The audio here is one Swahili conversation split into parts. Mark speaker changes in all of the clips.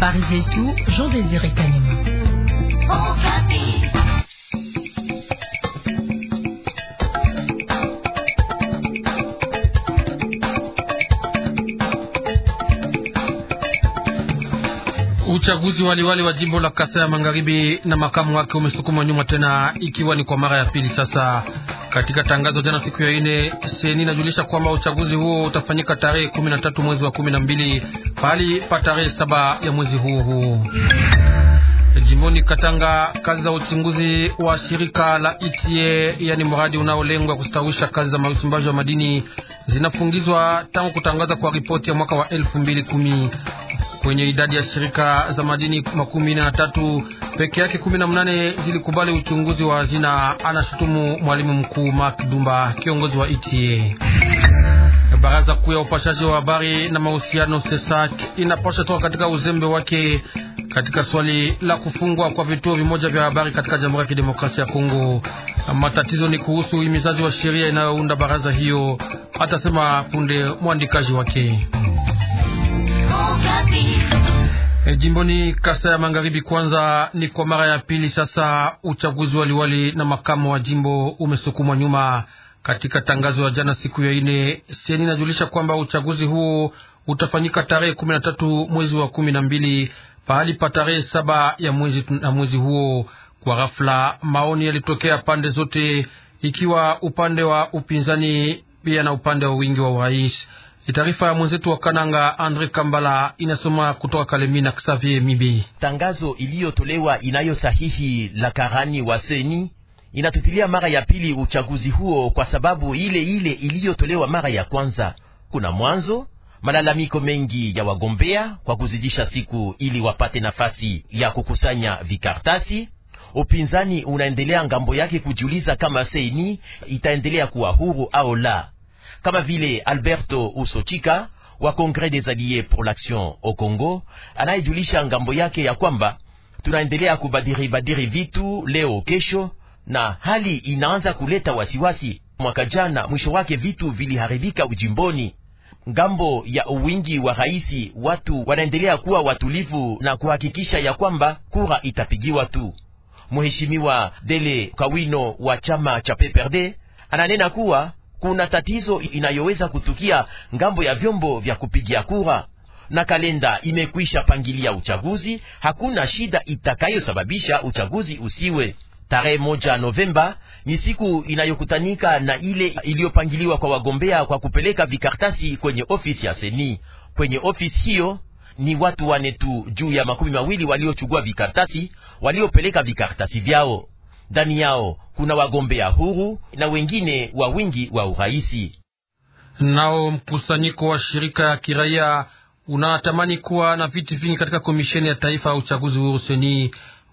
Speaker 1: Habari zetu Jean Desire Kanyama.
Speaker 2: Uchaguzi waliwali wa jimbo la Kasai ya Magharibi na makamu wake umesukuma nyuma tena, ikiwa ni kwa mara ya pili sasa. Katika tangazo jana siku ya ine, seni inajulisha kwamba uchaguzi huo utafanyika tarehe 13 mwezi wa 12 pahali pa tarehe saba ya mwezi huo huo. Jimboni Katanga, kazi za uchunguzi wa shirika la ETA, yani mradi unaolengwa kustawisha kazi za uchimbaji wa madini zinafungizwa tangu kutangaza kwa ripoti ya mwaka wa kumi. Kwenye idadi ya shirika za madini makumi na tatu peke yake kumi na mnane zilikubali uchunguzi wa hazina, anashutumu mwalimu mkuu Mark Dumba, kiongozi wa ETA. Baraza kuu ya upashaji wa habari na mahusiano SESAC inapasha toka katika uzembe wake katika swali la kufungwa kwa vituo vimoja vya habari katika Jamhuri ya Kidemokrasia ya Kongo. Matatizo ni kuhusu imizazi wa sheria inayounda baraza hiyo, atasema punde mwandikaji wake. Eh, jimboni Kasa ya Magharibi, kwanza ni kwa mara ya pili sasa uchaguzi wa liwali na makamo wa jimbo umesukumwa nyuma. Katika tangazo ya jana siku ya ine, Seni inajulisha kwamba uchaguzi huo utafanyika tarehe kumi na tatu mwezi wa kumi na mbili pahali pa tarehe saba ya mwezi na mwezi huo. Kwa ghafla, maoni yalitokea pande zote, ikiwa upande wa upinzani pia na upande wa wingi wa urais. Taarifa ya mwenzetu wa Kananga
Speaker 1: Andre Kambala inasoma kutoka Kalemi na Xavier Mibi. Tangazo iliyotolewa sahihi la karani wa seni inatupilia mara ya pili uchaguzi huo kwa sababu ile ile iliyotolewa mara ya kwanza. Kuna mwanzo malalamiko mengi ya wagombea kwa kuzidisha siku ili wapate nafasi ya kukusanya vikartasi. Upinzani unaendelea ngambo yake kujiuliza kama seni itaendelea kuwa huru au la kama vile Alberto Usochika wa congres des Alliés pour l'Action au Congo anayejulisha ngambo yake ya kwamba tunaendelea kubadiri badiri vitu leo kesho, na hali inaanza kuleta wasiwasi. Mwaka jana mwisho wake vitu viliharibika ujimboni ngambo ya uwingi wa raisi. Watu wanaendelea kuwa watulivu na kuhakikisha ya kwamba kura itapigiwa tu. Mheshimiwa Dele Kawino wa chama cha PPRD ananena kuwa kuna tatizo inayoweza kutukia ngambo ya vyombo vya kupigia kura na kalenda imekwisha pangilia uchaguzi. Hakuna shida itakayosababisha uchaguzi usiwe tarehe moja Novemba ni siku inayokutanika na ile iliyopangiliwa kwa wagombea kwa kupeleka vikartasi kwenye ofisi ya seni. Kwenye ofisi hiyo ni watu wane tu juu ya makumi mawili waliochugua vikartasi waliopeleka vikartasi vyao ndani yao kuna wagombea huru na wengine wa wingi wa uraisi. Nao mkusanyiko wa shirika ya kiraia
Speaker 2: unatamani kuwa na viti vingi katika komisheni ya taifa ya uchaguzi huru seni,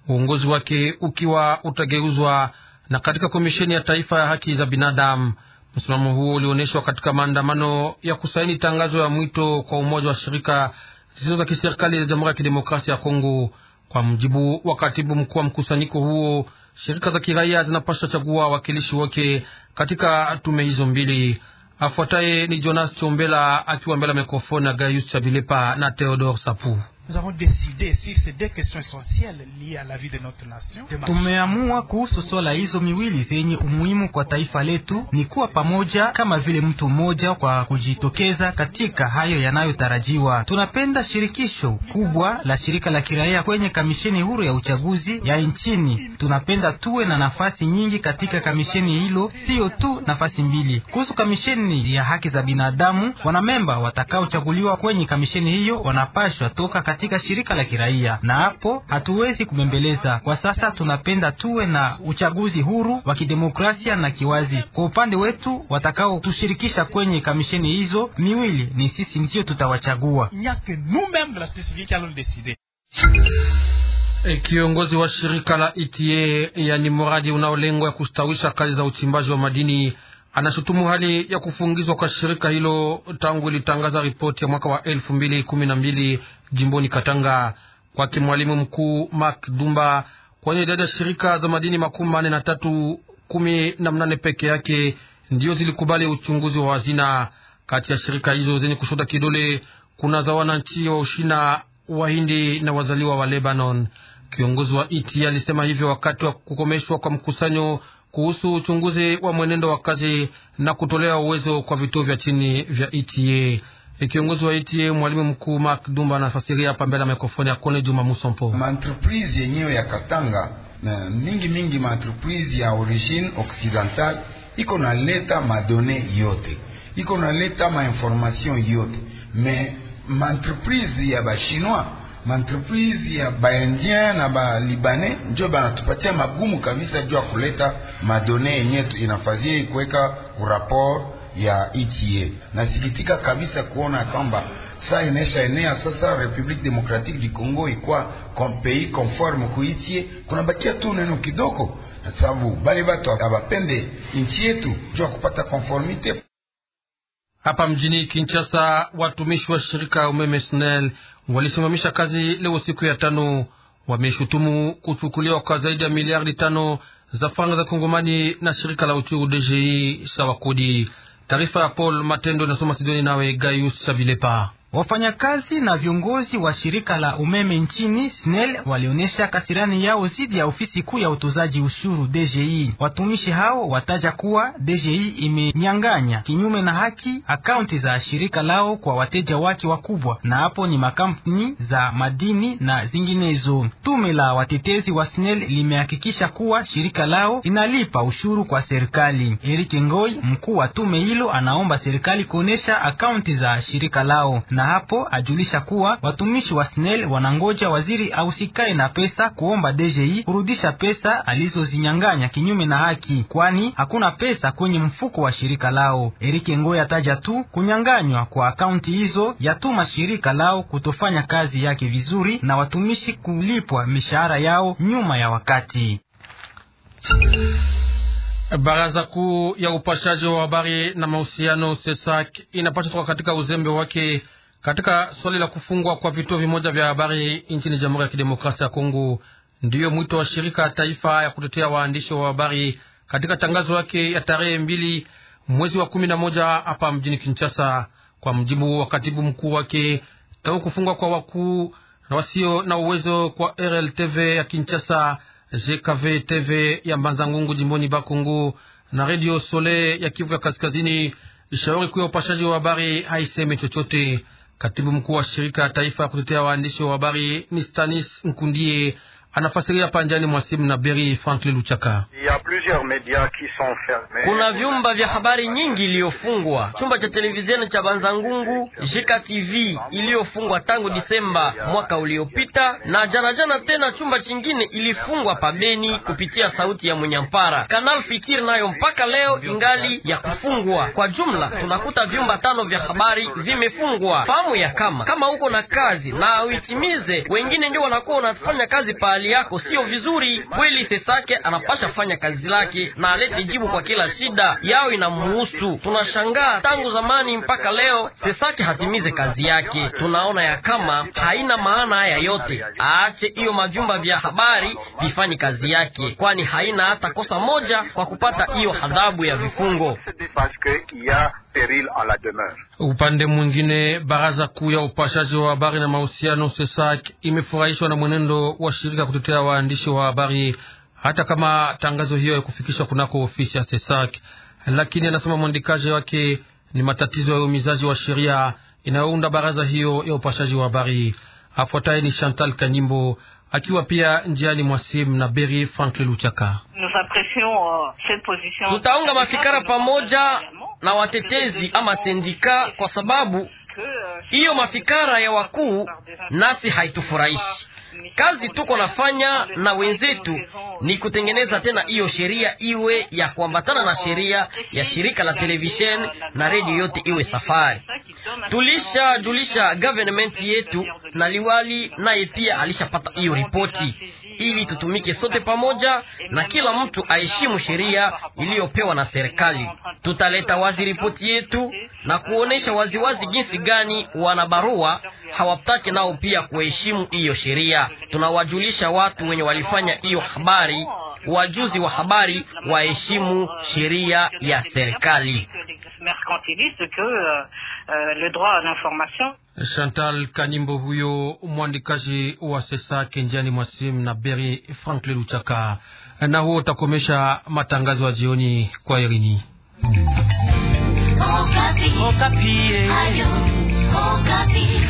Speaker 2: uongozi wake ukiwa utageuzwa na katika komisheni ya taifa ya haki za binadamu. Msimamo huo ulionyeshwa katika maandamano ya kusaini tangazo ya mwito kwa umoja wa shirika zisizo za kiserikali za Jamhuri ya Kidemokrasia ya Kongo. Kwa mjibu wa katibu mkuu wa mkusanyiko huo, shirika za kiraia zinapaswa chagua wakilishi wake katika tume hizo mbili. Afuataye ni Jonas Chombela akiwa mbele ya mikrofoni ya Gayus
Speaker 3: Chabilepa na Theodore Sapu. Nous avons décidé sur ces deux questions essentielles liées à la vie de notre nation. Tumeamua kuhusu swala hizo miwili zenye umuhimu kwa taifa letu, ni kuwa pamoja kama vile mtu mmoja kwa kujitokeza katika hayo yanayotarajiwa. Tunapenda shirikisho kubwa la shirika la kiraia kwenye kamisheni huru ya uchaguzi ya nchini. Tunapenda tuwe na nafasi nyingi katika kamisheni hilo, siyo tu nafasi mbili. Kuhusu kamisheni ya haki za binadamu, wanamemba watakaochaguliwa kwenye kamisheni hiyo wanapashwa toka katika shirika la kiraia, na hapo hatuwezi kubembeleza. Kwa sasa tunapenda tuwe na uchaguzi huru wa kidemokrasia na kiwazi. Kwa upande wetu, watakaotushirikisha kwenye kamisheni hizo miwili ni sisi ndiyo tutawachagua. E, kiongozi wa
Speaker 2: shirika la ETA, yani mradi unaolengwa ya kustawisha kazi za uchimbaji wa madini anashutumu hali ya kufungizwa kwa shirika hilo tangu ilitangaza ripoti ya mwaka wa elfu mbili kumi na mbili jimboni Katanga. Kwake mwalimu mkuu Mark Dumba, kwenye idadi ya shirika za madini makumi manne na tatu kumi na mnane peke yake ndiyo zilikubali uchunguzi wa hazina. Kati ya shirika hizo zenye kushota kidole kuna za wananchi wa Ushina, Wahindi na wazaliwa wa Lebanon. Kiongozi wa ITI alisema hivyo wakati wa kukomeshwa kwa mkusanyo kuhusu uchunguzi wa mwenendo wa kazi na kutolewa uwezo kwa vituo vya chini vya ETA. Kiongozi wa ETA mwalimu mkuu Mark Dumba anafasiria hapa mbele ya mikrofoni ya Kone Juma Musompo.
Speaker 1: Maentreprise yenyewe ya
Speaker 2: Katanga
Speaker 3: na mingi mingi maentreprise ya origine occidental iko naleta madone yote, iko naleta mainformation yote, me maentreprise ya bashinois maentreprise ya baindien na balibane njo banatupatia magumu kabisa juu ya kuleta madone yenye inafaziri kuweka kurapor ya ETA. Nasikitika kabisa kuona kwamba saa inaisha enea sasa, Republique Democratique du Congo ikwa kompei conforme ku ETA, kunabakia tu neno kidogo, sababu bale batu abapende nchi yetu juu ya kupata conformite.
Speaker 2: Hapa mjini Kinshasa, watumishi wa shirika ya umeme SNEL walisimamisha kazi leo siku ya tano. Wameshutumu kuchukuliwa kwa zaidi ya miliardi tano za faranga za Kongomani na shirika la uchuru DGI sawa kodi. Taarifa ya Paul Matendo inasoma Sidoni nawe gayus Chavilepa.
Speaker 3: Wafanyakazi na viongozi wa shirika la umeme nchini SNEL walionyesha kasirani yao dhidi ya ofisi kuu ya utozaji ushuru DGI. Watumishi hao wataja kuwa DGI imenyang'anya kinyume na haki akaunti za shirika lao kwa wateja wake wakubwa, na hapo ni makampuni za madini na zinginezo. Tume la watetezi wa SNEL limehakikisha kuwa shirika lao inalipa ushuru kwa serikali. Eric Ngoi, mkuu wa tume hilo, anaomba serikali kuonesha akaunti za shirika lao na hapo ajulisha kuwa watumishi wa SNEL wanangoja waziri ausikae na pesa kuomba DGI kurudisha pesa alizozinyang'anya kinyume na haki, kwani hakuna pesa kwenye mfuko wa shirika lao. Erike Ngoya ataja tu kunyang'anywa kwa akaunti hizo yatuma shirika lao kutofanya kazi yake vizuri na watumishi kulipwa mishahara yao nyuma ya wakati.
Speaker 2: Baraza kuu ya upashaji wa habari na mahusiano SESAC inapaswa toka katika uzembe wake katika swali la kufungwa kwa vituo vimoja vya habari nchini Jamhuri ya Kidemokrasia ya Kongo. Ndiyo mwito wa shirika ya taifa ya kutetea waandishi wa habari katika tangazo yake ya tarehe mbili mwezi wa kumi na moja hapa mjini Kinshasa. Kwa mjibu wa katibu mkuu wake, tangu kufungwa kwa wakuu na wasio na uwezo kwa RLTV ya Kinshasa, JKV TV ya Mbanzangungu jimboni Bakungu na redio Sole ya Kivu ya Kaskazini, shauri kuu ya upashaji wa habari haiseme chochote. Katibu mkuu wa shirika ya taifa ya kutetea waandishi wa habari ni Stanis Nkundie anafasiria panjani mwa simu na Beri Franklin Luchaka.
Speaker 4: Kuna vyumba vya habari nyingi iliyofungwa, chumba cha televisheni cha Banzangungu Jika TV iliyofungwa tangu Disemba mwaka uliopita, na jana jana tena chumba chingine ilifungwa pabeni kupitia sauti ya Munyampara. Kanal Fikir nayo mpaka leo ingali ya kufungwa. Kwa jumla tunakuta vyumba tano vya habari vimefungwa. Fahamu ya kama kama uko na kazi na uitimize, wengine ndio wanakuwa wanafanya kazi pahali ajili yako sio vizuri kweli. Sesake anapasha fanya kazi lake na alete jibu kwa kila shida yao inamuhusu. Tunashangaa tangu zamani mpaka leo Sesake hatimize kazi yake. Tunaona ya kama haina maana haya yote, aache hiyo majumba vya habari vifanye kazi yake, kwani haina hata kosa moja kwa kupata hiyo adhabu ya vifungo.
Speaker 2: Upande mwingine, baraza kuu ya upashaji wa habari na mahusiano Sesak imefurahishwa na mwenendo wa shirika kutetea waandishi wa habari, hata kama tangazo hiyo kufikishwa kunako ofisi ya SESAC, Lakini anasema mwandikaji wake ni matatizo ya umizaji wa sheria inayounda baraza hiyo ya upashaji wa habari. Afuataye ni Chantal Kanyimbo akiwa pia njiani mwasim na Beri Franklin Luchaka.
Speaker 4: Euh, Tutaunga mafikara pamoja na watetezi ama sendika, kwa sababu euh, hiyo mafikara ya wakuu nasi haitufurahishi. Kazi tuko nafanya na wenzetu ni kutengeneza tena hiyo sheria iwe ya kuambatana na sheria ya shirika la televisheni na redio yote iwe safari. Tulishajulisha government yetu na liwali, naye pia alishapata hiyo ripoti ili tutumike sote pamoja na kila mtu aheshimu sheria iliyopewa na serikali. Tutaleta wazi ripoti yetu na kuonesha waziwazi jinsi gani wanabarua hawataki nao pia kuheshimu hiyo sheria. Tunawajulisha watu wenye walifanya hiyo habari, wajuzi wa habari waheshimu sheria ya serikali.
Speaker 3: Mercantiliste que euh, euh, le droit à l'information.
Speaker 4: Chantal
Speaker 2: Kanimbo huyo mwandikaji wa Sesake njiani mwasimu na Beri Frankli Luchaka. Na huo utakomesha matangazo ya jioni kwa Irini
Speaker 4: Okapi. Okapi. Eh. Okapi.